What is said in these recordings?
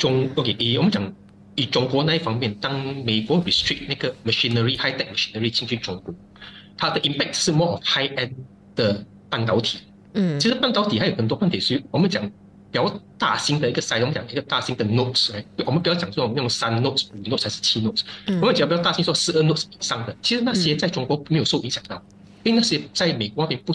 中、嗯、OK，誒，我們講以中國那一方面，當美國 restrict 那個 machinery、high tech machinery 進軍中國，它的 impact 是 more of high end 的半導體。嗯，其實半導體還有很多問題，是我們講比較大型的一個 size，我們講一個大型的 nodes，我們不要講這種用三 nodes、五 nodes 還是七 nodes，嗯、我們講比較大型，說十二 nodes 以上的，其實那些在中國沒有受影響到、嗯，因為那些在美國那邊不。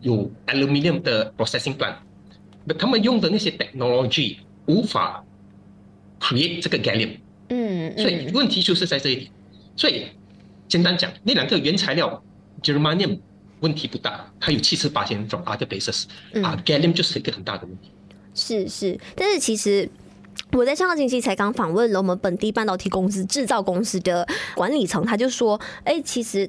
有 aluminium 的 processing plant，但係佢用的那些 technology，無法 create 這個 gallium、嗯。嗯，所以問題就是在這一點。所以簡單講，那兩個原材料 germanium 問題不大，它有七十八千種 other basis，、嗯、啊 gallium 就是一個很大的問題。是是，但是其實我在上個星期才剛訪問咗我們本地半導體公司、製造公司的管理層，他就說，哎、欸，其實。